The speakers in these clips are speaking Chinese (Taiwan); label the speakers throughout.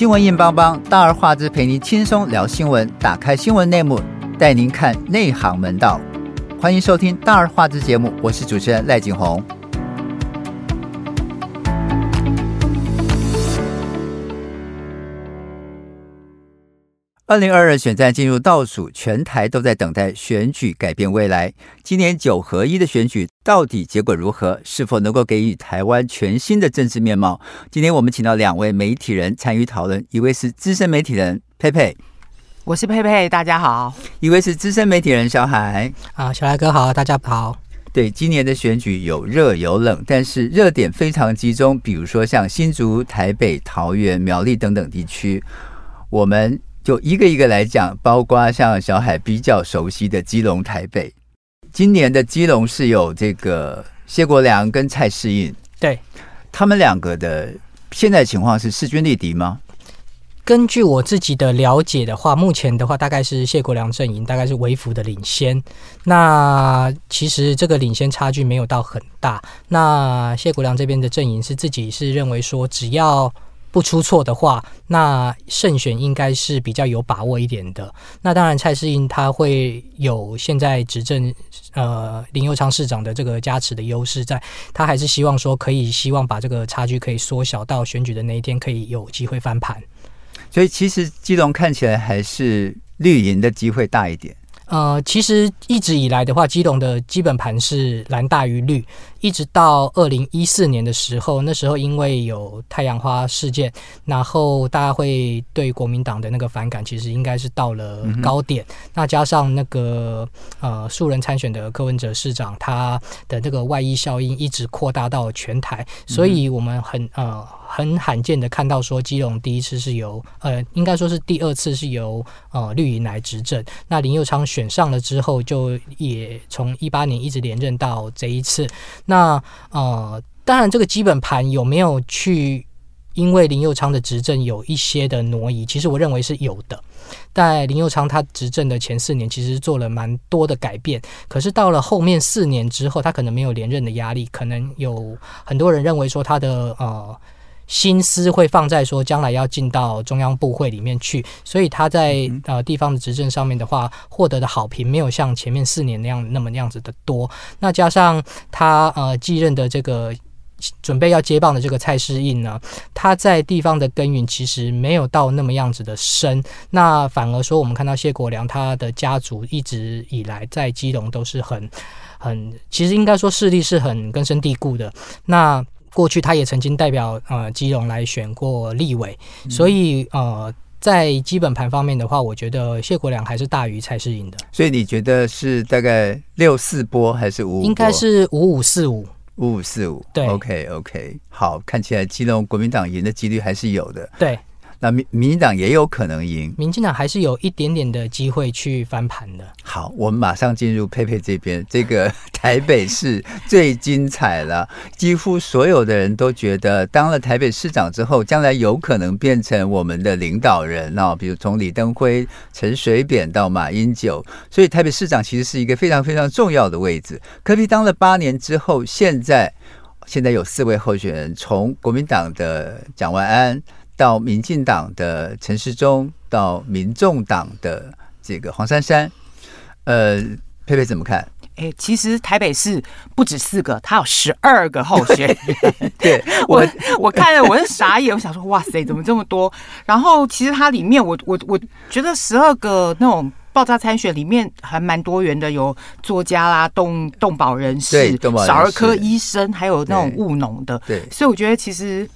Speaker 1: 新聞硬邦邦，大而化之陪您輕鬆聊新聞。打開新聞內幕，帶您看內行門道。歡迎收聽《大而化之》節目，我是主持人賴景紅。二零二二選戰進入倒數，全台都在等待選舉改變未來。今年九合一的選舉到底結果如何？是否能夠給予台灣全新的政治面貌？今天我們請到兩位媒體人參與討論，一位是資深媒體人佩佩，
Speaker 2: 我是佩佩，大家好；
Speaker 1: 一位是資深媒體人小海，
Speaker 2: 啊，小海，uh，哥好，大
Speaker 3: 家好。
Speaker 1: 對，今年的選舉有熱有冷，但是熱點非常集中，比如說像新竹、台北、桃園、苗栗等等地區，我們。就一個一個來講，包括像小海比較熟悉的基隆、台北，今年的基隆是有這個謝國樑跟蔡適應，對他們兩個的現在情況是勢均力敵嗎？
Speaker 3: 根據我自己的了解的話，目前的話大概是謝國樑陣營大概是微幅的領先，那其實這個領先差距沒有到很大。那謝國樑這邊的陣營是自己是認為說只要。不出錯的話，那勝選應該是比較有把握一點的。那當然，蔡適應他會有現在執政呃林右昌市長的這個加持的優勢在，在他還是希望說可以希望把這個差距可以縮小到選舉的那一天，可以有機會翻盤。
Speaker 1: 所以其實基隆看起來還是綠營的機會大一點。
Speaker 3: 呃，其實一直以來的話，基隆的基本盤是藍大於綠，一直到二零一四年的時候，那時候因為有太陽花事件，然後大家會對國民黨的那個反感，其實應該是到了高點。嗯、哼那加上那個呃，素人參選的柯文哲市長，他的這個外溢效應一直擴大到全台，所以我們很呃。很罕見的看到說，基隆第一次是由呃，應該說是第二次是由呃綠營來執政。那林右昌選上了之後，就也從一八年一直連任到這一次。那呃，當然這個基本盤有沒有去，因為林右昌的執政有一些的挪移，其實我認為是有的。但林右昌他執政的前四年，其實做了蠻多的改變。可是到了後面四年之後，他可能沒有連任的壓力，可能有很多人認為說他的呃。心思會放在說將來要進到中央部會裡面去，所以他在呃地方的執政上面的話，獲得的好評沒有像前面四年那樣那麼樣子的多。那加上他呃繼任的這個準備要接棒的這個蔡適應呢，他在地方的耕耘其實沒有到那麼樣子的深。那反而說我們看到謝國樑，他的家族一直以來在基隆都是很很，其實應該說勢力是很根深蒂固的。那過去他也曾經代表呃基隆來選過立委，所以呃在基本盤方面的話，我覺得謝國樑還是大於蔡適應的。
Speaker 1: 所以你覺得是大概六四波還是五五波？應該是五五四五五五四五。對，OK OK，好，看起來基隆國民黨贏的幾率還是有的。對。那民民進黨也有可能贏，
Speaker 3: 民進黨還是有一點點的機會去翻盤的。
Speaker 1: 好，我們馬上進入佩佩這邊，這個台北市 最精彩了，幾乎所有的人都覺得當了台北市長之後，將來有可能變成我們的領導人哦，比如從李登輝、陳水扁到馬英九，所以台北市長其實是一個非常非常重要的位置。柯 P 當了八年之後，現在現在有四位候選人，從國民黨的蔣萬安。到民進黨的陳時中，到民眾黨的這個黃珊珊，呃，佩佩怎麼看？哎、欸，其
Speaker 2: 實台北市不止四個，他有十二個候選人對,對我,我，我看了我是傻眼，是我想說哇塞，怎麼這麼多？然後其實它裡面，我我我覺得十二個那種爆炸參選，裡面還蠻多元的，有作家啦、動動保人士、小兒科醫生，對還有那種務農的。對，所以我覺得其實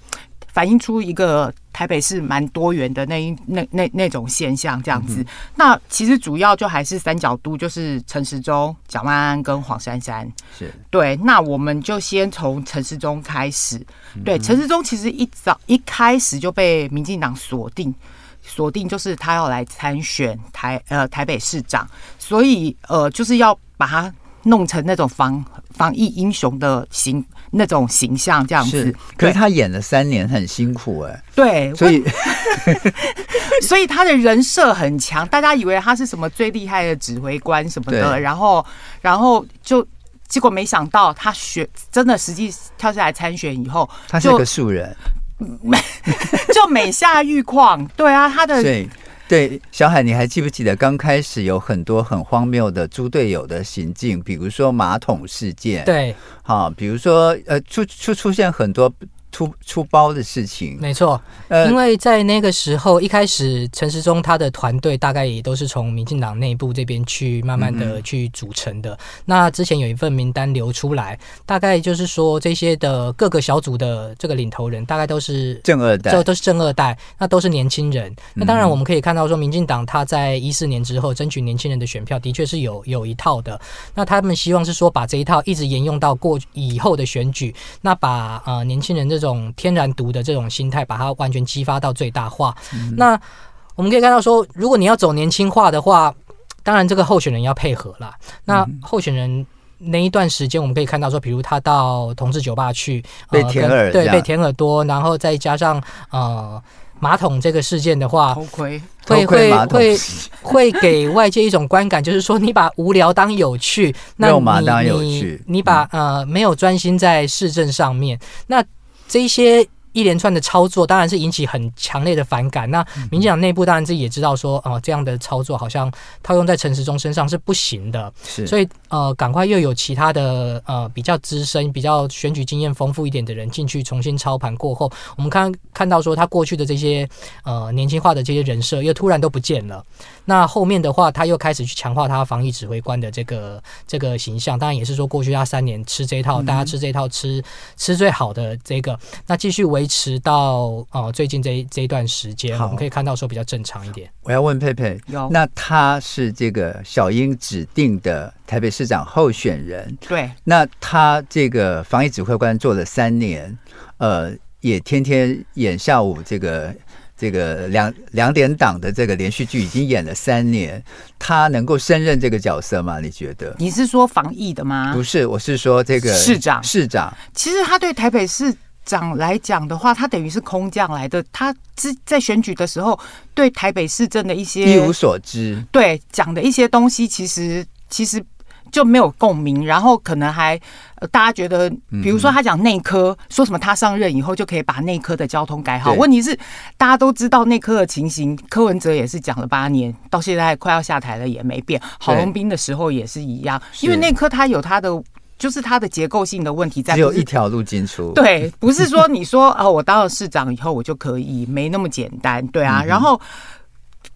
Speaker 2: 反映出一個。台北市蠻多元的那一那那那、那種現象，這樣子。嗯、哼那其實主要就還是三腳督，就是陳時中、蔣萬安跟黃珊珊。是對。那我們就先從陳時中開始。嗯、哼對，陳時中其實一早一開始就被民進黨鎖定，鎖定就是他要來參選台呃台北市長，所以呃就是要把他弄成那種防防疫英雄的行。那種形象這樣子，可是他演了三年很辛苦哎、欸，對，所以我 所以他的人設很強，大家以為他是什麼最厲害的指揮官什麼的，對然後然後就結果沒想到他選真的實際跳下來參選以後，他是個素人，就每 下愈況， 對啊，他的。
Speaker 1: 對，小海，你還記不記得剛開始有很多很荒謬的豬隊友的行徑，比如說馬桶事件，對，好，哦，比如說呃，出出出，出現很多。出出包的事情，
Speaker 3: 沒錯，呃，因為在那個時候一開始，陳時中他的團隊大概也都是從民進黨內部這邊去慢慢的去組成的。嗯嗯，那之前有一份名單流出來，大概就是說這些的各個小組的這個領頭人，大概都是
Speaker 1: 正二代就，都都是
Speaker 3: 正二代，那都是年輕人。那當然我們可以看到說，民進黨他在一四年之後爭取年輕人的選票，的確是有有一套的。那他們希望是說把這一套一直沿用到過以後的選舉，那把呃年輕人的。這種天然毒的這種心態，把它完全激發到最大化。嗯、那我們可以看到說，如果你要走年輕化的話，當然這個候選人要配合啦。那候選人那一段時間，我們可以看到說，比如他到同志酒吧去被舔耳、呃，對，被舔耳朵，然後再加上呃馬桶這個事件的話，頭盔會會會會給外界一種觀感， 就是說你把無聊當有趣，那你你，你把呃沒有專心在市政上面那。這一些一連串的操作，當然是引起很強烈的反感。那民進黨內部當然自己也知道說，說、呃、啊這樣的操作好像套用在陳時中身上是不行的，是所以呃趕快又有其他的呃比較資深、比較選舉經驗豐富一點的人進去重新操盤過後，我們看看到說他過去的這些呃年輕化的這些人設又突然都不見了。那後面的話，他又開始去強化他防疫指揮官的這個這個形象。當然也是說，過去他三年吃這一套，大家吃這一套吃，吃、嗯、吃最好的這個，那繼續維持到哦、呃、最近這這一段時間，好我們可以看到說比較正常一點。
Speaker 1: 我要問佩佩，那他是這個小英指定的台北市長候選人，對？那他這個防疫指揮官做了三年，呃，也天天演下午這個。這個兩兩點檔的這個連續劇已經演了三年，他能夠勝任這個角色嗎？你覺得？你是說防疫的嗎？不是，我是說這個市長市長。市長
Speaker 2: 其實他對台北市長來講的話，他等於是空降來的。他在在選舉的時候，對台北市政的一些一無所知。對講的一些東西其，其實其實。就沒有共鳴，然後可能還、呃、大家覺得，比如說他講內科、嗯、哼說什麼，他上任以後就可以把內科的交通改好。對問題是，大家都知道內科的情形，柯文哲也是講了八年，到現在快要下台了也沒變。對郝龍斌的時候也是一樣，對因為內科他有他的，就是他的結構性的問題在，只有一條
Speaker 1: 路進出。對，
Speaker 2: 不是說你說 啊，我當了市長以後我就可以，沒那麼簡單，對啊。嗯、哼然後。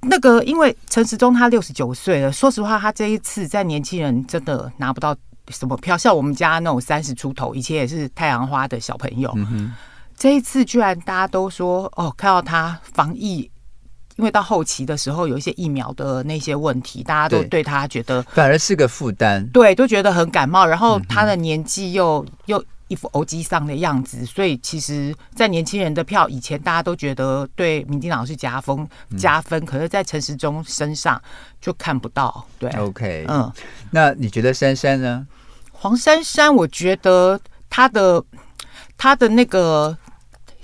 Speaker 2: 那個，因為陳時中他六十九歲了，說實話，他這一次在年輕人真的拿不到什麼票。像我們家那種三十出頭，以前也是太陽花的小朋友，嗯、哼這一次居然大家都說哦，看到他防疫，因為到後期的時候有一些疫苗的那些問題，大家都對他
Speaker 1: 覺得反而是個負擔，
Speaker 2: 對，都覺得很感冒，然後他的年紀又又。一副歐吉桑的樣子，所以其實，在年輕人的票以前，大家都覺得對民進黨是加分，嗯、加分，可是在陳時中身上就看不到。對，OK，嗯，那你覺得珊珊呢？黃珊珊，我覺得他的他的那個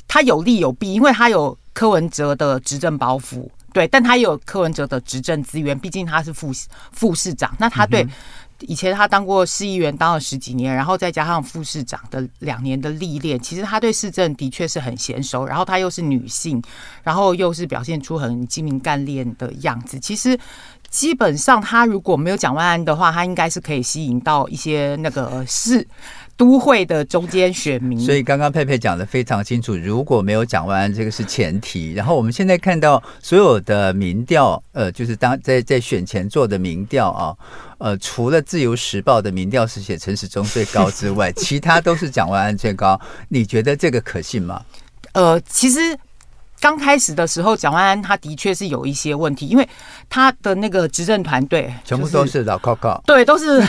Speaker 2: 他有利有弊，因為他有柯文哲的執政包袱。對，但他也有柯文哲的執政資源，畢竟他是副副市長。那他對以前他當過市議員，當了十幾年，然後再加上副市長的兩年的歷練，其實他對市政的確是很嫻熟。然後他又是女性，然後又是表現出很精明幹練的樣子，其實。基本上，他如果沒有蔣萬安的話，他應該是可以吸引到一些那個市都會的中間選民。所以剛
Speaker 1: 剛佩佩講得非常清楚，如果沒有蔣萬安，這個是前提。然後我們現在看到所有的民調，呃，就是當在在選前做的民調啊，呃，除了自由時報的民調是寫陳時中最高之外， 其他都是蔣萬安最高。你覺得這個可信嗎？
Speaker 2: 呃，其實。剛開始的時候，蔣萬安，安他的確是有一些問題，因為他的那個執政團隊，就是，全部都是
Speaker 1: 老扣扣，
Speaker 2: 對，都是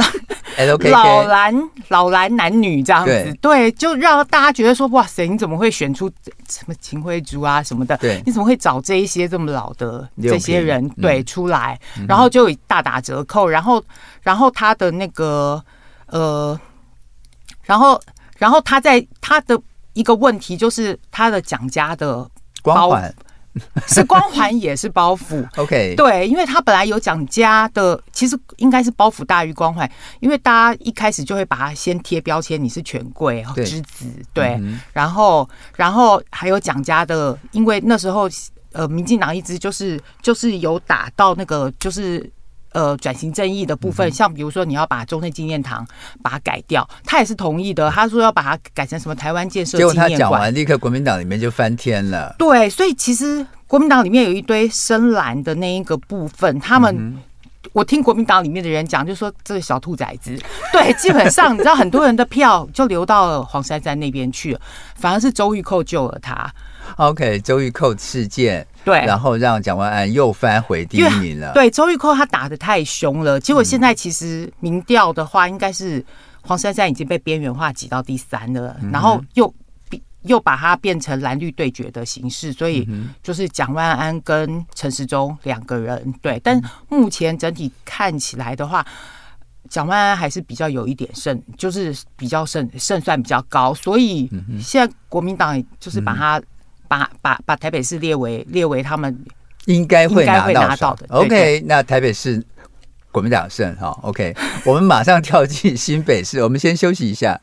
Speaker 2: L KK 老老藍老藍男女這樣子，對，對，就讓大家覺得說哇塞，你怎麼會選出什麼秦慧珠啊什麼的？對，你怎麼會找這一些這麼老的這些人 P、嗯、對，出來？嗯、哼然後就以大打折扣，然後，然後他的那個呃，然後，然後他在他的一個問題就是他的蔣家的。包光環環 是光環，也是包袱。OK， 對，因為他本來有蔣家的，其實應該是包袱大於光環，因為大家一開始就會把它先貼標籤，你是權貴之對子，對，嗯、哼然後，然後還有蔣家的，因為那時候呃，民進黨一直就是就是有打到那個就是。呃，轉型正義的部分，像比如說你要把中正紀念堂把它改掉，他也是同意的。他說要把它改成什麼台灣建設紀念館。結果，他講完，立
Speaker 1: 刻國民黨裡面就翻天了。
Speaker 2: 對，所以其實國民黨裡面有一堆深藍的那一個部分，他們、嗯、哼我聽國民黨裡面的人講，就說這個小兔崽子，對，基本上你知道很多人的票就流到了黃珊珊那邊去了，反而是周玉蔻救了他。OK，周玉蔻事件。對，然後讓蔣萬安又翻回
Speaker 1: 第一名了。對，
Speaker 2: 周玉蔻他打得太凶了，結果現在其實民調的話，應該是黃珊珊已經被邊緣化擠到第三了，嗯、哼然後又又把它變成藍綠對決的形式，所以就是蔣萬安跟陳時中兩個人對，但目前整體看起來的話，嗯、蔣萬安還是比較有一點勝，就是比較勝勝算比較高，所以現在國民黨就是把他、嗯。把把把台北市列為列為他們
Speaker 1: 應該會拿到的。到 OK，那台北市國民黨勝哈。OK， 我們馬上跳進新北市，我們先休息一下。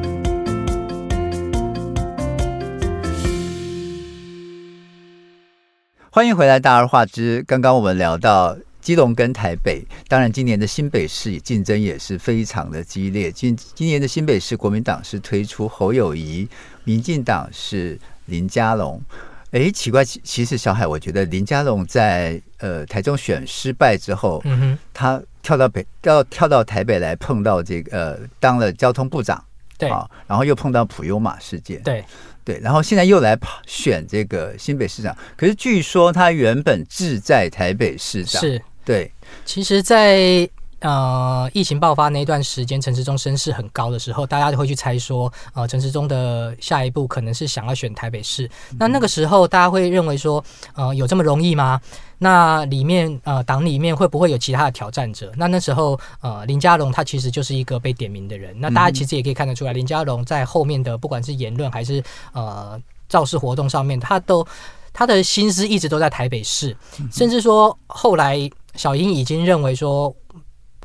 Speaker 1: 歡迎回來，大而化之。剛剛我們聊到。基隆跟台北，當然今年的新北市競爭也是非常的激烈。今今年的新北市，國民黨是推出侯友宜，民進黨是林佳龍。誒，奇怪，其其實小海，我覺得林佳龍在呃台中選失敗之後，嗯、哼他跳到北，跳到跳到台北來，碰到這個、呃、當了交通部長，對、啊、然後又碰到普悠瑪事件，對對，然後現在又來選這個新北市長，可是據說他原本志在台北市長，是。對，
Speaker 3: 其實在，在呃疫情爆發那一段時間，陳時中聲勢很高的時候，大家會去猜說，呃，陳時中的下一步可能是想要選台北市。那那個時候，大家會認為說，呃，有這麼容易嗎？那裡面，呃，黨裡面會不會有其他的挑戰者？那那時候，呃，林佳龍他其實就是一個被點名的人。那大家其實也可以看得出來，嗯、林佳龍在後面的不管是言論還是呃造勢活動上面，他都他的心思一直都在台北市，甚至說後來。小英已經認為說，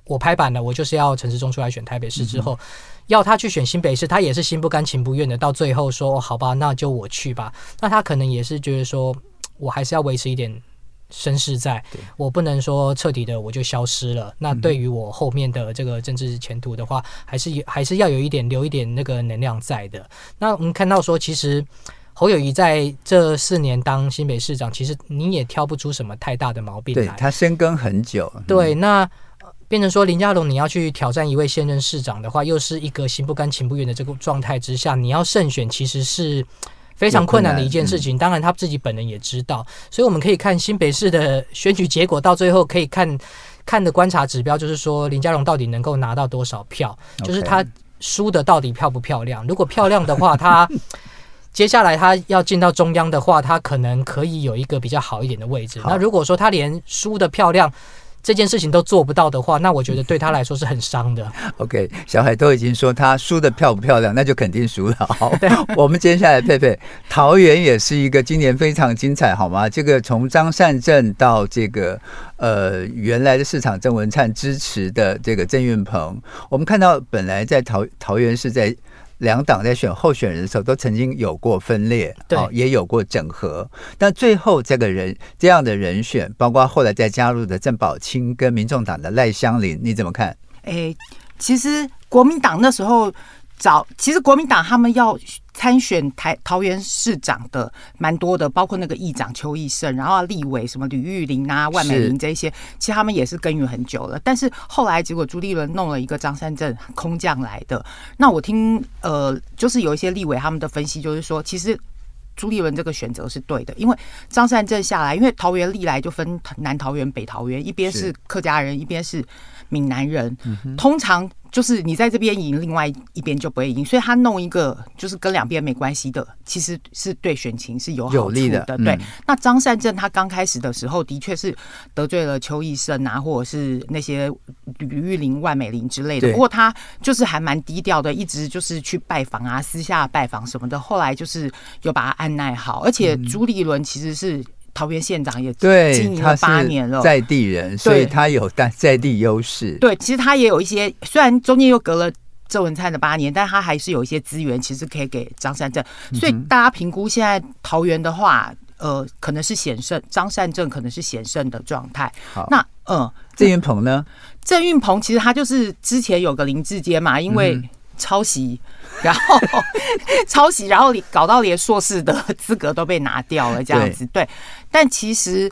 Speaker 3: 我拍板了，我就是要陳時中出來選台北市之後，嗯、哼要他去選新北市，他也是心不甘情不願的。到最後說、哦、好吧，那就我去吧。那他可能也是覺得說我還是要維持一點聲勢，在對我不能說徹底的我就消失了。那對於我後面的這個政治前途的話，還是、嗯、哼還是要有一點留一點那個能量在的。那我們看到說，其實。侯友宜在這四年當新北市長，其實你也挑不出什麼太大的毛病來。對，
Speaker 1: 他深耕很久。嗯、
Speaker 3: 對，那、呃、變成說林佳龍你要去挑戰一位現任市長的話，又是一個心不甘情不願的這個狀態之下，你要勝選其實是非常困難的一件事情。嗯、當然他自己本人也知道，所以我們可以看新北市的選舉結果，到最後可以看看的觀察指標就是說林佳龍到底能夠拿到多少票，Okay 就是他輸的到底漂不漂亮。如果漂亮的話，他。 接下來他要進到中央的話，他可能可以有一個比較好一點的位置。好那如果說他連輸得漂亮這件事情都做不到的話，那我覺得對他來說是很傷的。
Speaker 1: OK，小海都已經說他輸得漂不漂亮，那就肯定輸了。 我們接下來，佩佩桃園也是一個今年非常精彩，好嗎？這個從張善政到這個呃原來的市長鄭文燦支持的這個鄭運鵬，我們看到本來在桃桃園是在。兩黨在選候選人的時候，都曾經有過分裂，對、哦，也有過整合，但最後這個人這樣的人選，包括後來再加入的鄭寶清跟民眾黨的賴香伶，你怎麼看？
Speaker 2: 誒、欸，其實國民黨那時候。找，其實國民黨他們要參選台桃園市長的蠻多的，包括那個議長邱奕勝，然後立委什麼呂玉玲啊、萬美玲這些，是其實他們也是耕耘很久了。但是後來結果朱立倫弄了一個張善政空降來的，那我聽呃就是有一些立委他們的分析就是說，其實朱立倫這個選擇是對的，因為張善政下來，因為桃園歷來就分南桃園、北桃園，一邊是客家人，是一邊是閩南人，嗯、哼通常。就是你在這邊贏，另外一邊就不會贏，所以他弄一個就是跟兩邊沒關係的，其實是對選情是有有利的。的嗯、對，那張善政他剛開始的時候的確是得罪了邱奕勝啊，或者是那些呂玉玲、萬美玲之類的。對不過他就是還蠻低調的，一直就是去拜訪啊，私下拜訪什麼的。後來就是又把他按捺好，而且朱立倫其實是。桃園縣長也經營了八年了，他是在
Speaker 1: 地人，對所以他有在在地優勢。
Speaker 2: 對，其實他也有一些，雖然中間又隔了鄭文燦的八年，但他還是有一些資源，其實可以給張善政。所以大家評估現在桃園的話，呃，可能是險勝，張善政可能是險勝的狀態。好，那嗯，鄭運鵬呢？鄭運鵬其實他就是之前有個林智堅嘛，因為。嗯抄襲，然後 抄襲，然後你搞到連碩士的資格都被拿掉了，這樣子。對。對，但其實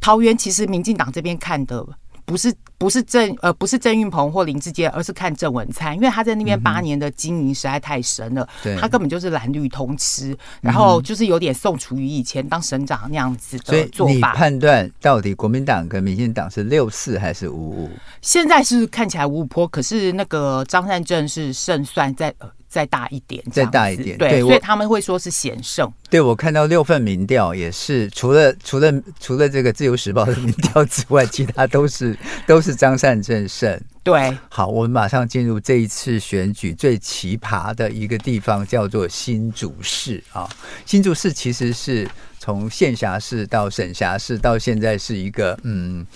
Speaker 2: 桃園其實民進黨這邊看的不是。不是鄭呃，不是鄭運鵬或林智堅，而是看鄭文燦，因為他在那邊八年的經營實在太深了，嗯、哼他根本就是藍綠通吃，對然後就是有點宋楚瑜以前當省長那樣子的做法。所以你判
Speaker 1: 斷到底國民黨跟民進黨是六四還是五五？
Speaker 2: 現在是看起來五五波，可是那個張善政是勝算在。呃再大，再大一點，再大一點，對，我所以他們會說是險勝。
Speaker 1: 對，我看到六份民調也是，除了除了除了這個自由時報的民調之外， 其他都是都是張善政勝。對，好，我們馬上進入這一次選舉最奇葩的一個地方，叫做新竹市啊、哦。新竹市其實是從縣轄市到省轄市，到現在是一個嗯，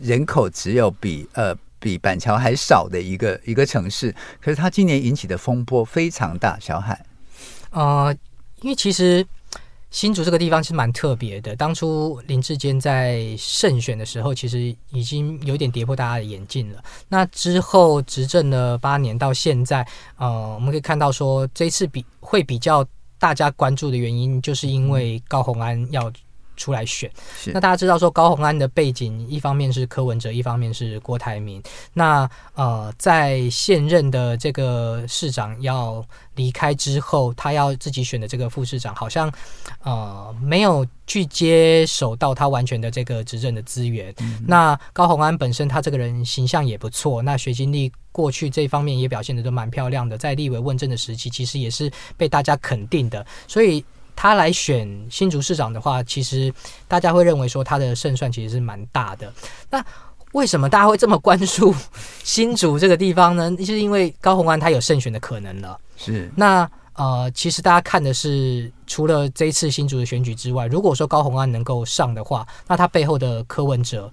Speaker 1: 人口只有比呃。比板橋還少的一個一個城市，可是它今年引起的風波非常大。小海，
Speaker 3: 呃，因為其實新竹這個地方是蠻特別的。當初林智堅在勝選的時候，其實已經有點跌破大家的眼鏡了。那之後執政了八年到現在，呃，我們可以看到說，這一次比會比較大家關注的原因，就是因為高虹安要。出來選，那大家知道說高虹安的背景，一方面是柯文哲，一方面是郭台銘。那呃，在現任的這個市長要離開之後，他要自己選的這個副市長，好像呃沒有去接手到他完全的這個執政的資源。嗯、那高虹安本身他這個人形象也不錯，那學經歷過去這方面也表現得都蠻漂亮的，在立委問政的時期，其實也是被大家肯定的，所以。他來選新竹市長的話，其實大家會認為說他的勝算其實是蠻大的。那為什麼大家會這麼關注新竹這個地方呢？就是因為高虹安他有勝選的可能了。是。那呃，其實大家看的是，除了這一次新竹的選舉之外，如果說高虹安能夠上的話，那他背後的柯文哲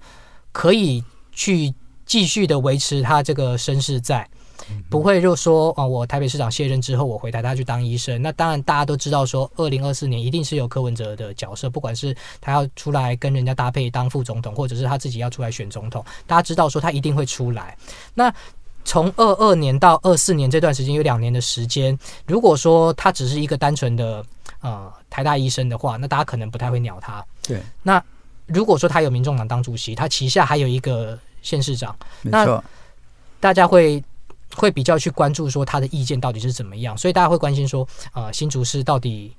Speaker 3: 可以去繼續的維持他這個聲勢在。嗯、不會就說啊、呃，我台北市長卸任之後，我回台大去當醫生。那當然，大家都知道說，二零二四年一定是有柯文哲的角色，不管是他要出來跟人家搭配當副總統，或者是他自己要出來選總統，大家知道說他一定會出來。那從二二年到二四年這段時間有兩年的時間，如果說他只是一個單純的呃台大醫生的話，那大家可能不太會鳥他。對。那如果說他有民眾黨當主席，他旗下還有一個縣市長，那大家會。會比較去關注說他的意見到底是怎麼樣，所以大家會關心說，啊、呃，新竹市到底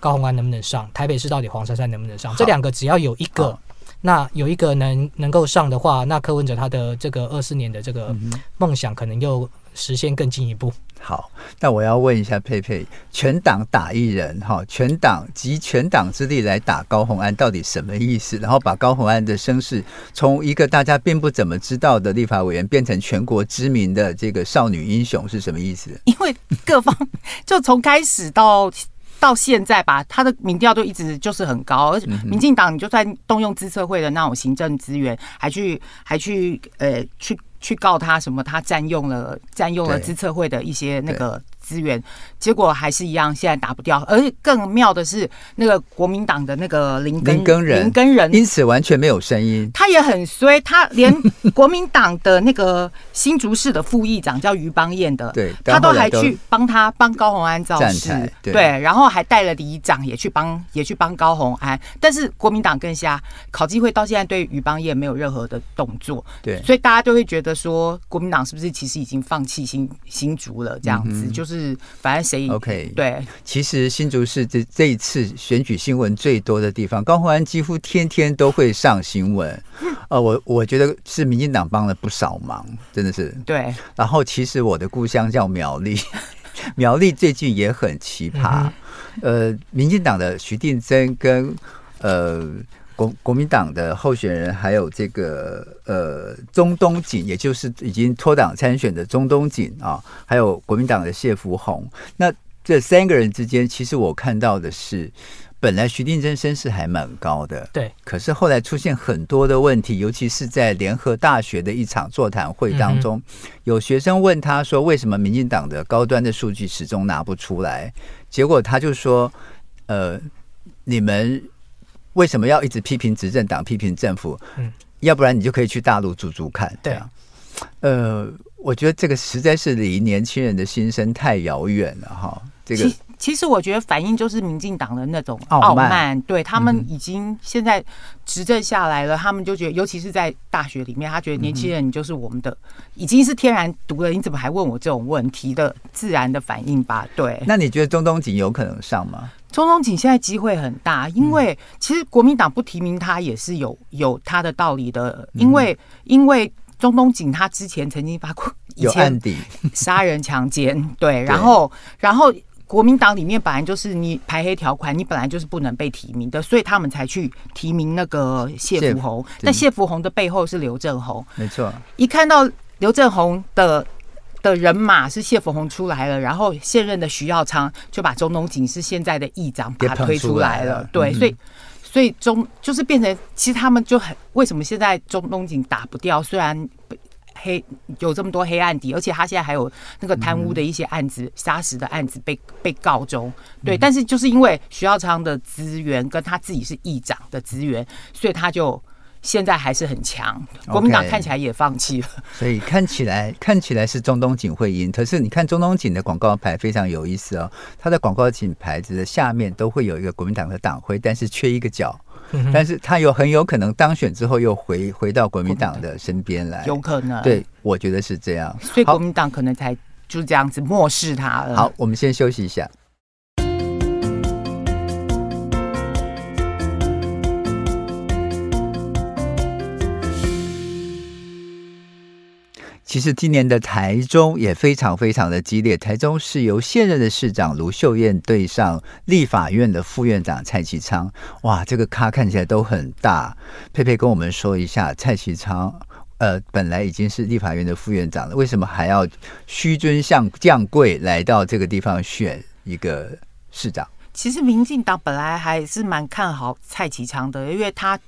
Speaker 3: 高虹安能不能上，台北市到底黃珊珊能不能上？這兩個只要有一個，好那有一個能能夠上的話，那柯文哲他的這個二四年的這個夢想可能又實現更進一步。好，
Speaker 1: 那我要問一下佩佩，全黨打一人哈，全黨集全黨之力來打高虹安，到底什麼意思？然後把高虹安的聲勢從一個大家並不怎麼知道的立法委員，變成全國知名的這個少女英雄，是什麼意思？
Speaker 2: 因為各方就從開始到 到現在吧，他的民調都一直就是很高，而且民進黨你就算動用資策會的那種行政資源，還去還去呃去。去告他什麼？他佔用了佔用了資策會的一些那個資源，結果還是一樣，現在打不掉。而更妙的是，那個國民黨的那個林耕仁，林
Speaker 1: 耕仁因此完全沒有聲音。
Speaker 2: 他也很衰，他連國民黨的那個新竹市的副議長叫余邦彥的，對， 他都還去幫他幫高虹安造勢，對，對，對。然後還帶了里長也去幫也去幫高虹安，但是國民黨更瞎，考紀會到現在對余邦彥沒有任何的動作，對。所以大家就會覺得說，國民黨是不是其實已經放棄新新竹了？這樣子就是。嗯是，反正誰贏？OK，
Speaker 1: 對，其實新竹是這這一次選舉新聞最多的地方，高虹安幾乎天天都會上新聞。呃，我我覺得是民進黨幫了不少忙，真的是。對，然後其實我的故鄉叫苗栗，苗栗最近也很奇葩。嗯、哼呃，民進黨的徐定禎跟呃。國國民黨的候選人，還有這個呃，鍾東錦，也就是已經脫黨參選的鍾東錦啊，還有國民黨的謝福弘。那這三個人之間，其實我看到的是，本來徐定禎聲勢還蠻高的，對，可是後來出現很多的問題，尤其是在聯合大學的一場座談會當中，有學生問他說，為什麼民進黨的高端的數據始終拿不出來？結果他就說，呃，你們。為什麼要一直批評執政黨、批評政府？嗯，要不然你就可以去大陸住住看。對啊，對呃，我覺得這個實在是離年輕人的心聲太遙遠了哈。這個
Speaker 2: 其實我覺得反應就是民進黨的那種傲慢，哦、慢對他們已經現在執政下來了，嗯、他們就覺得，尤其是在大學裡面，他覺得年輕人你就是我們的，嗯、已經是天然讀了，你怎麼還問我這種問題的自然的反應吧？對。那你覺得鍾東錦有可能上嗎？鍾東錦現在機會很大，因為其實國民黨不提名他也是有有他的道理的，因為因為鍾東錦他之前曾經發過有案底，殺人強姦，對，然後然後國民黨裡面本來就是你排黑條款，你本來就是不能被提名的，所以他們才去提名那個謝福弘。那謝福弘的背後是劉政鴻，沒錯錯，一看到劉政鴻的。的人馬是謝福弘出來了，然後現任的徐耀昌就把鍾東錦是現在的議長把他推出來了。對，所以所以中就是變成，其實他們就很為什麼現在鍾東錦打不掉？雖然黑有這麼多黑案底，而且他現在還有那個貪污的一些案子，殺、嗯、死的案子被被告中。對，嗯、但是就是因為徐耀昌的資源跟他自己是議長的資源，所以他就。現在還是很強，國民黨看起來也放棄了，okay,
Speaker 1: 所以看起來看起來是鍾東錦會贏。可是你看鍾東錦的廣告牌非常有意思哦。他的廣告錦牌子的下面都會有一個國民黨的黨徽，但是缺一個角，嗯、哼但是他有很有可能當選之後又回回到國民黨的身邊來，有可能。對，我覺得是這樣，所
Speaker 2: 以國民黨可能才就這樣子漠視他了好。
Speaker 1: 好，我們先休息一下。其實今年的台中也非常非常的激烈。台中是由現任的市長盧秀燕對上立法院的副院長蔡其昌。哇，這個咖看起來都很大。佩佩跟我們說一下，蔡其昌呃本來已經是立法院的副院長了，為什麼還要屈尊向降貴來到這個地方選一個市長？
Speaker 2: 其實民進黨本來還是蠻看好蔡其昌的，因為他。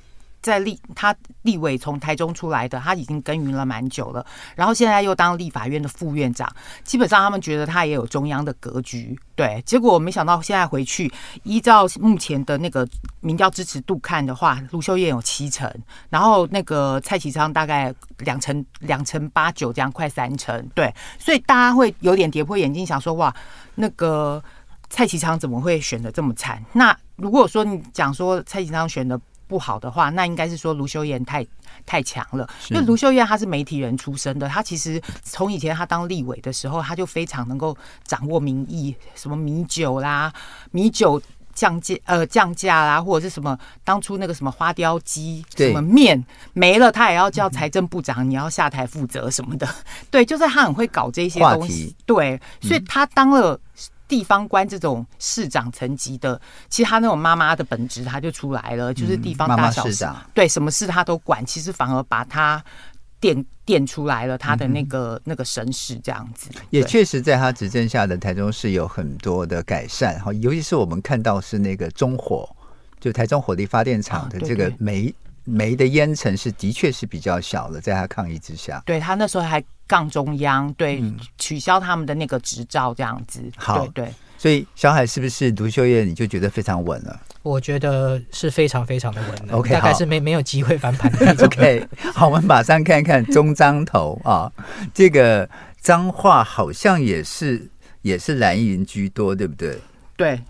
Speaker 2: 在立他立委從台中出來的，他已經耕耘了蠻久了，然後現在又當立法院的副院長，基本上他們覺得他也有中央的格局，對。結果我沒想到現在回去依照目前的那個民調支持度看的話，盧秀燕有七成，然後那個蔡其昌大概兩成兩成八九這樣快三成，對。所以大家會有點跌破眼鏡，想說哇，那個蔡其昌怎麼會選的這麼慘？那如果說你講說蔡其昌選的。不好的話，那應該是說盧秀燕太太強了，是因為盧秀燕她是媒體人出身的，她其實從以前她當立委的時候，她就非常能夠掌握民意，什麼米酒啦、米酒降價呃降價啦，或者是什麼當初那個什麼花雕雞對什麼麵沒了，她也要叫財政部長、嗯、哼你要下台負責什麼的，對，就是她很會搞這些東西，題對，所以她當了。嗯地方官，這種市長層級的，其實他那種媽媽的本質他就出來了，嗯、就是地方大小事媽媽市長，對，什麼事他都管。其實反而把他墊墊出來了，他的那個、嗯、哼那個身世這樣子。也
Speaker 1: 確實在他執政下的台中市有很多的改善，哈，尤其是我們看到是那個中火，就台中火力發電廠的這個煤、啊、對對對，煤的煙塵是的確是比較小的，在他抗議之
Speaker 2: 下，對他那時候還。槓中央對，取消他們的那個執照，這樣子。嗯、
Speaker 1: 好對，對，對，所以小海是不是盧秀燕你就覺得非常穩了？
Speaker 3: 我覺得是非常非常的穩的。OK，好大概是沒沒有機會翻盤 OK，
Speaker 1: 好，我們馬上看看中彰投 啊，這個彰化好像也是也是藍營居多，對不對？
Speaker 2: 對，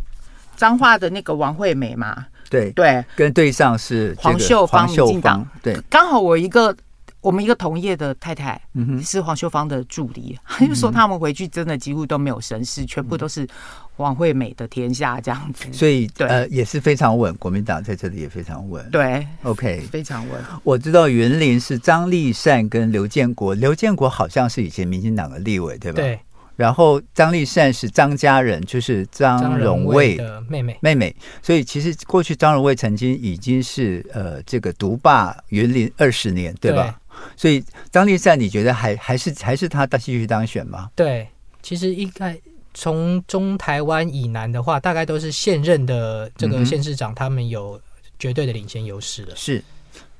Speaker 2: 彰化的那個王惠美嘛，
Speaker 1: 對對，對跟對上是黃秀芳，黃秀芳，對，
Speaker 2: 剛好我一個。我們一個同業的太太、嗯、哼是黃秀芳的助理，他就、嗯、哼說他們回去真的幾乎都沒有神事，嗯、哼全部都是王惠美的天下這樣子，所以
Speaker 1: 對呃也是非常穩，國民黨在這裡也非常穩。對
Speaker 2: ，OK，非常穩。
Speaker 1: 我知道雲林是張麗善跟劉建國，劉建國好像是以前民進黨的立委對吧？對。然後張麗善是張家人，就是張榮味的妹妹妹妹，所以其實過去張榮味曾經已經是呃這個獨霸雲林二十年對吧？對所以張麗善，你覺得還還是還是他繼續當選嗎？
Speaker 3: 對，其實應該從中台灣以南的話，大概都是現任的這個縣市長，他們有絕對的領先優勢了。
Speaker 1: 嗯、是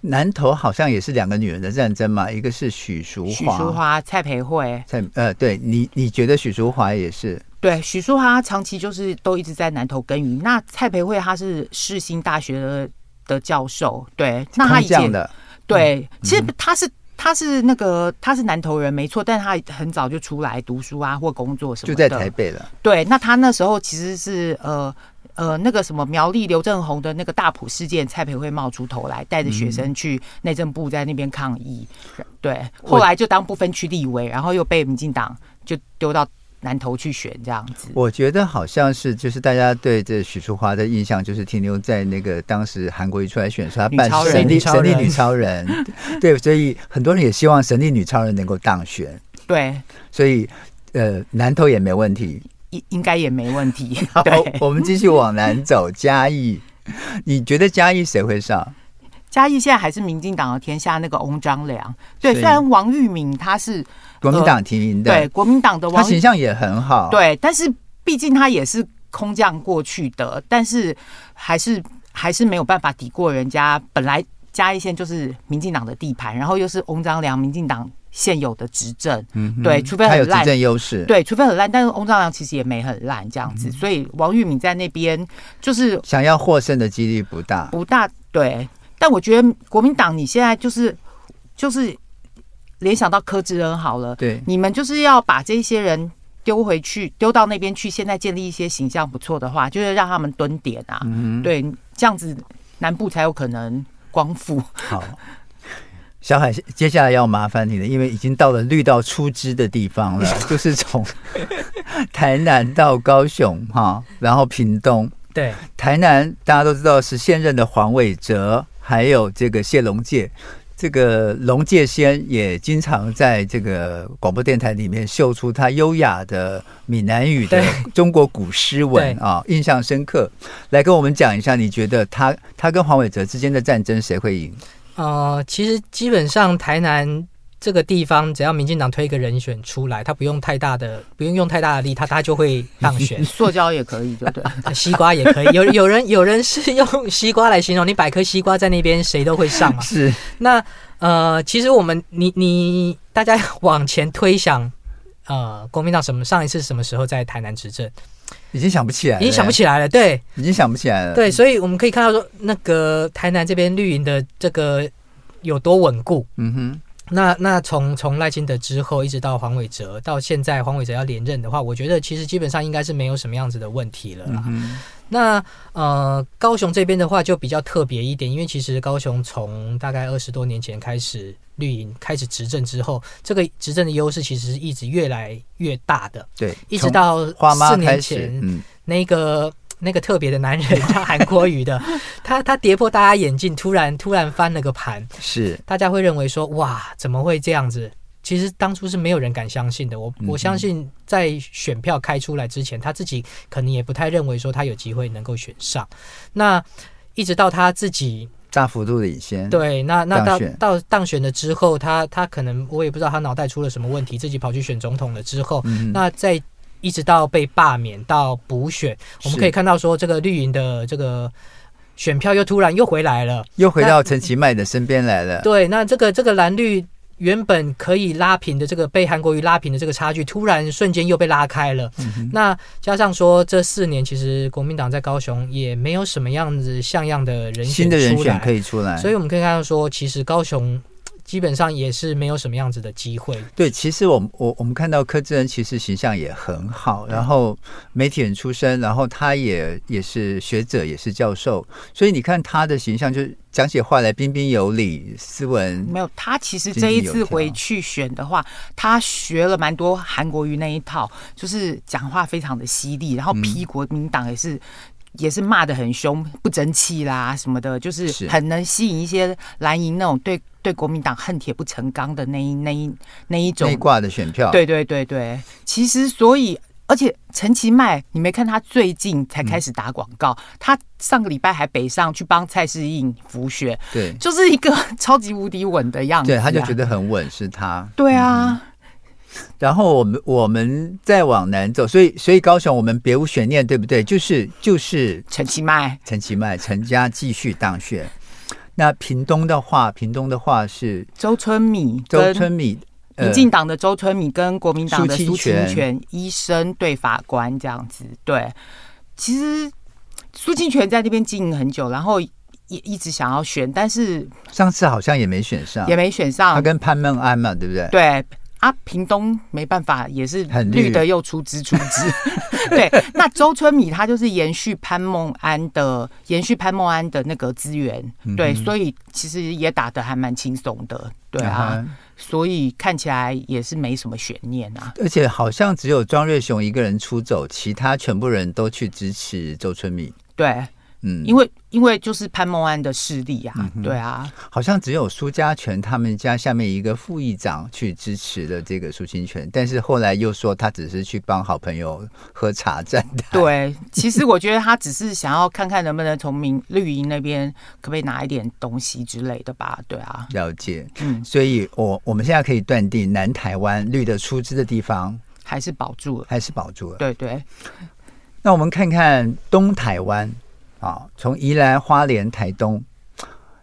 Speaker 1: 南投好像也是兩個女人的戰爭嘛？一個是許淑許淑華、
Speaker 2: 蔡培慧、
Speaker 1: 蔡呃，對你你覺得許淑華也是？
Speaker 2: 對，許淑華長期就是都一直在南投耕耘。那蔡培慧她是世新大學的的教授，對，那他這樣的。對，其實他是他是那個他是南投人沒錯，但他很早就出來讀書啊或工作什麼的，就在台北了。對，那他那時候其實是呃呃那個什麼苗栗劉政鴻的那個大埔事件，蔡培慧冒出頭來，帶着學生去內政部在那邊抗議，嗯嗯，對，後來就當不分區立委，然後又被民進黨就丟到，南投去選這樣子，我
Speaker 1: 覺得好像是就是大家對這許淑華的印象就是停留在那個當時韓國瑜出來選，她扮神力女超人，超 對，所以很多人也希望神力女超人能夠當選，對，所以呃南投也沒問題，應
Speaker 2: 應該也沒問題。好 對，我們繼續往南走，嘉義， 你覺得嘉義誰會上？嘉義現在還是民進黨的天下，那個翁章梁，對，雖然王育敏他是。國民黨提名的，呃、對國民黨的王，他形象
Speaker 1: 也很好，對，
Speaker 2: 但是畢竟他也是空降過去的，但是還是還是沒有辦法抵過人家。本來嘉義縣就是民進黨的地盤，然後又是翁章梁民進黨現有的執政，嗯哼，對，除非他有執政優勢，對，除非很爛，但是翁章梁其實也沒很爛這樣子，嗯、哼所以王育敏在那邊就是想要獲
Speaker 1: 勝的幾率不大，
Speaker 2: 不大，對，但我覺得國民黨你現在就是就是。聯想到柯志恩好了，對，你們就是要把這些人丟回去，丟到那邊去。現在建立一些形象不錯的話，就是讓他們蹲點啊，嗯、哼對，這樣子南部才有可能光復。好，
Speaker 1: 小海接下來要麻煩你了，因為已經到了綠到出汁的地方了， 就是從台南到高雄哈，然後屏東。對，台南大家都知道是現任的黃偉哲，還有這個謝龍介。這個龍介仙，也經常在這個廣播電台裡面秀出他優雅的閩南語的中國古詩文啊，印象深刻。來跟我們講一下，你覺得他他跟黃偉哲之間的戰爭誰會贏？
Speaker 3: 呃，其實基本上台南。這個地方只要民進黨推一個人選出來，他不用太大的，不用用太大的力，他他就會當選。 塑膠也可以就對，就 西瓜也可以。有有人有人是用西瓜來形容，你擺顆西瓜在那邊，誰都會上啊。是。那呃，其實我們你你大家往前推想，呃，國民黨什麼上一次什麼時候在台南執政？
Speaker 1: 已經想不起來了，已經想不起來了。對，已經想不起來了。對，所
Speaker 3: 以我們可以看到說，那個台南這邊綠營的這個有多穩固。嗯哼。那那從從賴清德之後一直到黃偉哲，到現在黃偉哲要連任的話，我覺得其實基本上應該是沒有什麼樣子的問題了啦。嗯嗯那呃，高雄這邊的話就比較特別一點，因為其實高雄從大概二十多年前開始綠營開始執政之後，這個執政的優勢其實是一直越來越大的。對，一直到四年前、嗯、那個。那個特別的男人的 他，叫韓國瑜的，他他跌破大家眼鏡，突然突然翻了個盤，是大家會認為說哇怎麼會這樣子？其實當初是沒有人敢相信的。我我相信在選票開出來之前，他自己可能也不太認為說他有機會能夠選上。那一直到他自己
Speaker 1: 大幅度領先，對，那那到當選
Speaker 3: 到當選了之後，他他可能我也不知道他腦袋出了什麼問題，自己跑去選總統了之後， 那在。一直到被罷免到補選，我們可以看到說，這個綠營的這個選票又突然又回來了，又回到陳
Speaker 1: 其邁的身邊來了。對，
Speaker 3: 那這個這個藍綠原本可以拉平的這個被韓國瑜拉平的這個差距，突然瞬間又被拉開了。那加上說，這四年其實國民黨在高雄也沒有什麼樣子像樣的人新的人選可以出來，所以我們可以看到說，其實高雄。基本上也是沒有什麼樣子的機會。
Speaker 1: 對，其實我我我們看到柯志恩其實形象也很好，對然後媒體人出身，然後他也也是學者，也是教授，所以你看他的形象，就講起話來彬彬有禮、斯文。沒
Speaker 2: 有，他其實這一次回去選的話，他學了蠻多韓國瑜那一套，就是講話非常的犀利，然後批國民黨也是。嗯也是罵得很凶，不爭氣啦什麼的，就是很能吸引一些藍營那種對對國民黨恨鐵不成鋼的那一那一那一種那一掛的選票。對對對對，其實所以而且陳其邁，你沒看他最近才開始打廣告，嗯、他上個禮拜還北上去幫蔡適應輔選，
Speaker 1: 對，就是一
Speaker 2: 個超級無敵穩的樣子、啊。對，他就覺
Speaker 1: 得很穩是他。嗯、對啊。然後我們我們再往南走，所以所以高雄我們別無懸念，對不對？就是就是陳其邁，陳其邁陳家繼續當選。那屏東的話，屏東的話是周春米，周春米跟、呃、民進
Speaker 2: 黨的周春米跟國民黨的蘇清泉，蘇清泉，蘇清泉醫生對法官這樣子。對，其實蘇清泉在那邊經營很久，然後也一直想要選，但是
Speaker 1: 上次好像也沒選上，也沒選上。他跟潘孟安嘛，對不對？對。
Speaker 2: 啊，屏東沒辦法，也是綠出資出資很綠的，又出資出資對，那周春米他就是延續潘孟安的，延續潘孟安的那個資源。對，嗯、哼所以其實也打得還蠻輕鬆的。對啊，嗯、哼所以看起來也是沒什麼懸念啊。
Speaker 1: 而且好像只有莊瑞雄一個人出走，其他全部人都去支持周春米。對。嗯，因
Speaker 2: 為因為就是潘孟安的勢力呀、啊，嗯、哼對啊，
Speaker 1: 好像只有蘇嘉全他們家下面一個副議長去支持的這個蘇清泉，但是後來又說他只是去幫好朋友喝茶站台。
Speaker 2: 對，其實我覺得他只是想要看看能不能從明綠營那邊可不可以拿一點東西之類的吧。對啊，
Speaker 1: 了解。嗯，所以我我們現在可以斷定，南台灣綠的出資的地方還是保住了，還是保住了。對，對對。那我們看看東台灣。啊，從、哦、宜蘭、花蓮、台東，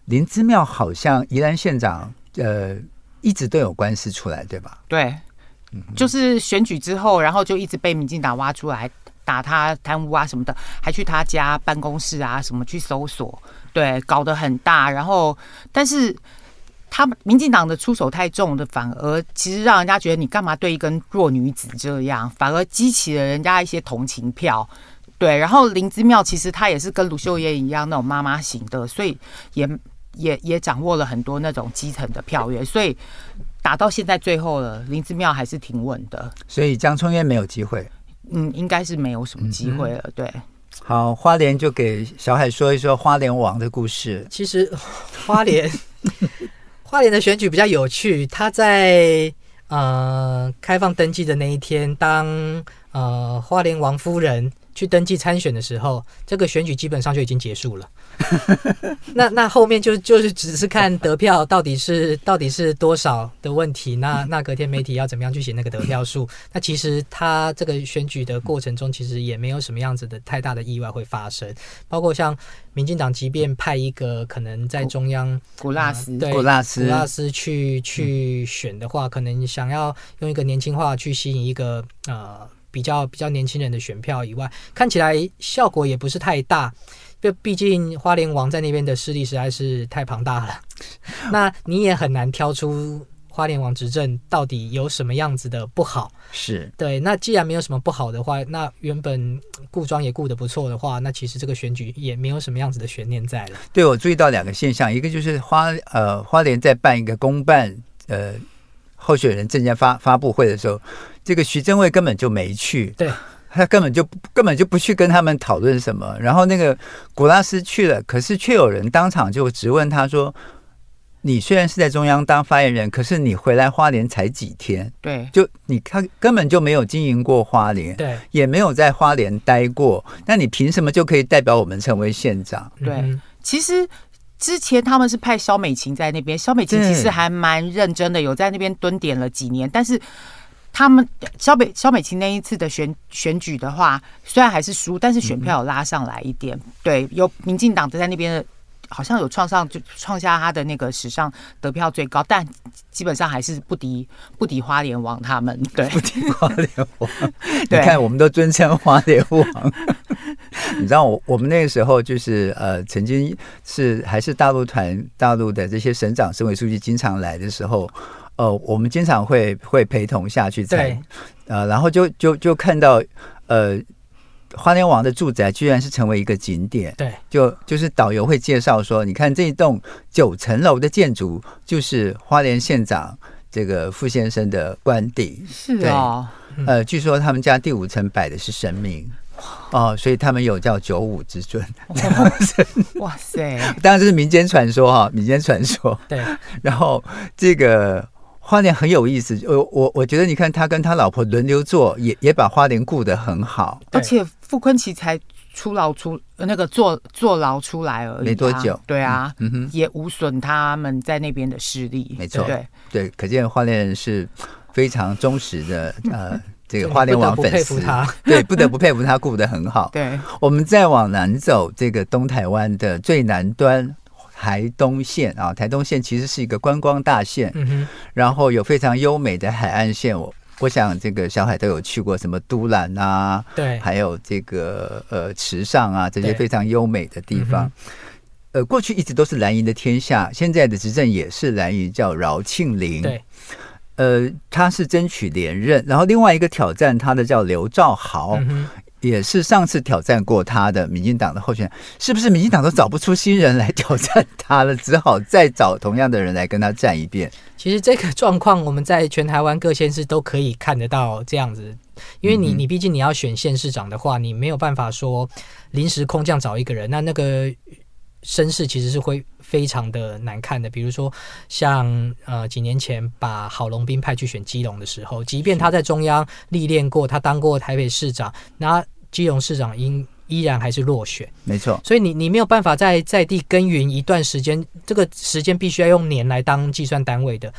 Speaker 1: 林姿妙好像宜蘭縣長呃，一直都有官司出來，對吧？
Speaker 2: 對，嗯、哼就是選舉之後，然後就一直被民進黨挖出來打他貪污啊什麼的，還去他家辦公室啊什麼去搜索，對，搞得很大。然後，但是他們民進黨的出手太重的，反而其實讓人家覺得你幹嘛對一根弱女子，這樣，反而激起了人家一些同情票。對，然後林姿妙其實他也是跟盧秀燕一樣那種媽媽型的，所以也也也掌握了很多那種基層的票源，所以打到現在最後了，林姿妙還是挺穩的。
Speaker 1: 所以江聰淵沒有機會，
Speaker 2: 嗯，應該是沒有什麼機會
Speaker 1: 了。嗯嗯對，好，花蓮就給小海說一說花蓮王的故事。
Speaker 3: 其實花蓮 花蓮的選舉比較有趣，他在呃開放登記的那一天，當呃花蓮王夫人。去登記參選的時候，這個選舉基本上就已經結束了。 那那後面就就是只是看得票到底是到底是多少的問題。那那隔天媒體要怎麼樣去寫那個得票數？ 那其實他這個選舉的過程中，其實也沒有什麼樣子的太大的意外會發生。包括像民進黨，即便派一個可能在中央古拉斯、古拉斯、古拉斯去去選的話，嗯、可能想要用一個年輕化去吸引一個呃。比較比較年輕人的選票以外，看起來效果也不是太大。因為畢竟花蓮王在那邊的勢力實在是太龐大了，那你也很難挑出花蓮王執政到底有什麼樣子的不好。是，對。那既然沒有什麼不好的話，那原本固樁也顧得不錯的話，那其實這個選舉也沒有什麼樣子的懸念在了。
Speaker 1: 對，我注意到兩個現象，一個就是花呃花蓮在辦一個公辦呃候選人政見發發布會的時候。這個徐正惠根本就沒去，對，他根本就根本就不去跟他們討論什麼。然後那個古拉斯去了，可是卻有人當場就質問他說：“你雖然是在中央當發言人，可是你回來花蓮才幾天？對，就你看，根本就沒有經營過花蓮，對，也沒有在花蓮待過。那你憑什麼就可以代表我們成為縣長？
Speaker 2: 對、嗯哼，其實之前他們是派蕭美琴在那邊，蕭美琴其實還蠻認真的有，有對在那邊蹲點了幾年，但是。”他們蕭美蕭美琴那一次的選選舉的話，雖然還是輸，但是選票有拉上來一點。嗯嗯、對，有民進黨在那邊好像有創上就創下他的那個史上得票最高，但基本上還是不敵不敵花蓮王他們。對，不敵花蓮王。 對 你看，我
Speaker 1: 們都尊稱花蓮王。對 你知道，我我們那個時候就是呃，曾經是還是大陸團大陸的這些省長、省委書記經常來的時候。呃，我們經常會會陪同下去在對呃，然後就就就看到，呃，花蓮王的住宅居然是成為一個景點，對，就就是導遊會介紹說，你看這一棟九層樓的建築，就是花蓮縣長這個傅先生的官邸，是啊，哦，呃，嗯、據說他們家第五層擺的是神明，哦，呃，所以他們有叫九五之尊，哦，
Speaker 2: 哇塞，當
Speaker 1: 然這是民間傳說哈，哦，民間傳說，對，然後這個。花蓮很有意思，呃，我我覺得你看他跟他老婆輪流做，也也把花蓮顧得很好。
Speaker 2: 對而且傅昆萁才出牢出那個坐坐牢出來而已、啊，沒多久。對啊，嗯嗯、也無損他們在那邊的勢力。沒錯錯，對對，對，
Speaker 1: 對，可見花蓮人是非常忠實的，呃，這個花蓮王粉絲，他對 不得不佩服他顧對 得，得很好。 對，我們再往南走，這個東台灣的最南端。台東縣啊，台東縣其實是一個觀光大縣，嗯、哼然後有非常優美的海岸線。我我想這個小海都有去過，什麼都蘭啊，對，還有這個呃池上啊這些非常優美的地方。嗯、呃，過去一直都是藍營的天下，現在的執政也是藍營，叫饒慶鈴。
Speaker 3: 對，
Speaker 1: 呃，他是爭取連任，然後另外一個挑戰他的叫劉兆豪。嗯也是上次挑戰過他的，民進黨的候選人，是不是民進黨都找不出新人來挑戰他了，只好再找同樣的人來跟他戰一遍？
Speaker 3: 其實這個狀況我們在全台灣各縣市都可以看得到這樣子，因為你你畢竟你要選縣市長的話，你沒有辦法說臨時空降找一個人，那那個。聲勢其實是會非常的難看的，比如說像呃幾年前把郝龍斌派去選基隆的時候，即便他在中央歷練過，他當過台北市長，那基隆市長應依然還是落選。沒錯錯，所以你你沒有辦法在在地耕耘一段時間，這個時間必須要用年來當計算單位的。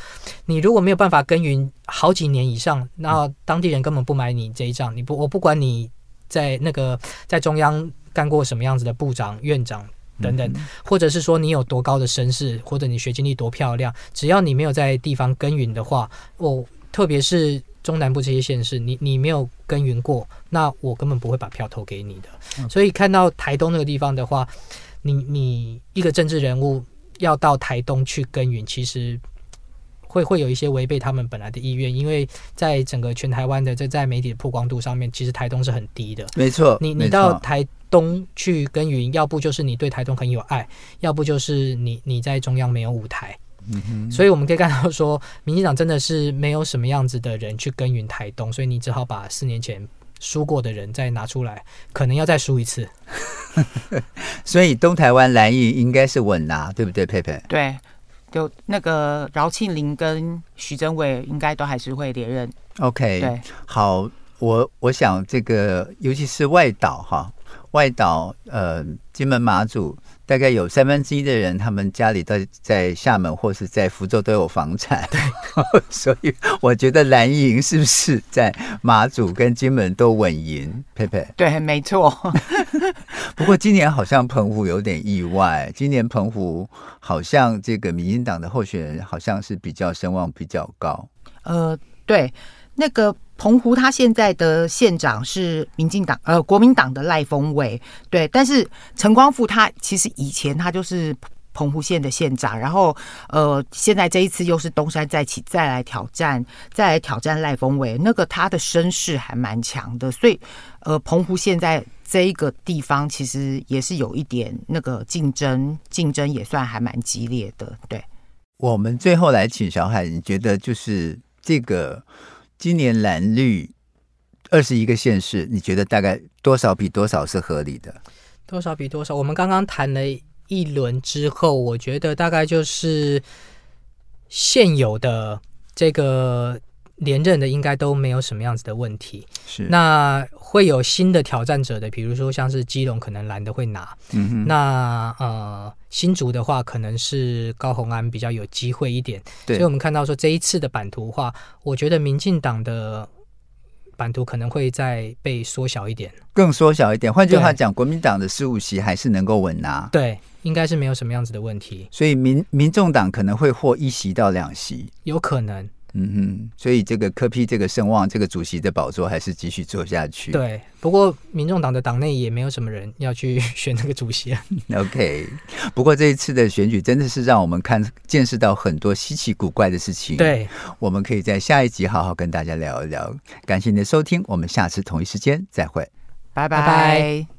Speaker 3: 你如果沒有辦法耕耘好幾年以上，那當地人根本不買你這一仗。你不我不管你在那個在中央幹過什麼樣子的部長、院長。等等，或者是說你有多高的身世，或者你學經歷多漂亮，只要你沒有在地方耕耘的話，我特別是中南部這些縣市，你你沒有耕耘過，那我根本不會把票投給你的。嗯、所以看到台東那個地方的話，你你一個政治人物要到台東去耕耘，其實會會有一些違背他們本來的意願，因為在整個全台灣的這在媒體的曝光度上面，其實台東是很低的。沒錯錯，你你到台。東去耕耘，要不就是你對台東很有愛，要不就是你你在中央沒有舞台。嗯、哼所以我們可以看到說，民進黨真的是沒有什麼樣子的人去耕耘台東，所以你只好把四年前輸過的人再拿出來，可能要再輸一次。
Speaker 1: 所以東台灣藍營應該是穩拿，對不對？佩佩？對，
Speaker 2: 就那個饒慶鈴跟徐榛蔚應該都還是會連任。
Speaker 1: OK，對好，我我想這個尤其是外島哈。外島呃，金門馬祖大概有三分之一的人，他們家裡都在在廈門或是在福州都有房產， 對，所以我覺得藍營是不是在馬祖跟金門都穩贏？佩佩對，
Speaker 2: 沒錯。
Speaker 1: 不過今年好像澎湖有點意外，今年澎湖好像這個民進黨的候選人好像是比較聲望比較高。
Speaker 2: 呃，對，那個。澎湖他現在的縣長是民進黨呃國民黨的賴峰偉，對，但是陳光復他其實以前他就是澎湖縣的縣長，然後呃現在這一次又是東山再起，再來挑戰，再來挑戰賴峰偉，那個他的聲勢還蠻強的，所以呃澎湖現在這一個地方其實也是有一點那個競爭，競爭也算還蠻激烈的，對。
Speaker 1: 我們最後來請小海，你覺得就是這個。今年藍綠二十一個縣市，你覺得大概多少比多少是合理的？
Speaker 3: 多少比多少？我們剛剛談了一輪之後，我覺得大概就是現有的這個連任的應該都沒有什麼樣子的問題。是那會有新的挑戰者的，比如說像是基隆，可能藍的會拿。嗯哼，那呃。新竹的話，可能是高虹安比較有機會一點，對所以我們看到說這一次的版圖的話，我覺得民進黨的版圖可能會再被縮小一點，
Speaker 1: 更縮小一點。換句話講，對國民黨的十五席還是能夠穩拿，
Speaker 3: 對，應該是沒有什麼樣子的問題。
Speaker 1: 所以民民眾黨可能會獲一席到兩席，
Speaker 3: 有可能。
Speaker 1: 嗯哼，所以這個柯 P 這個聲望，這個主席的寶座還是繼續坐下去。對，
Speaker 3: 不過民眾黨的黨內也沒有什麼人要去選那個主席
Speaker 1: 啊。OK，不過這一次的選舉真的是讓我們看見識到很多稀奇古怪的事情。對，我們可以在下一集好好跟大家聊一聊。感謝您的收聽，我們下次同一時間再會，
Speaker 2: 拜拜。Bye bye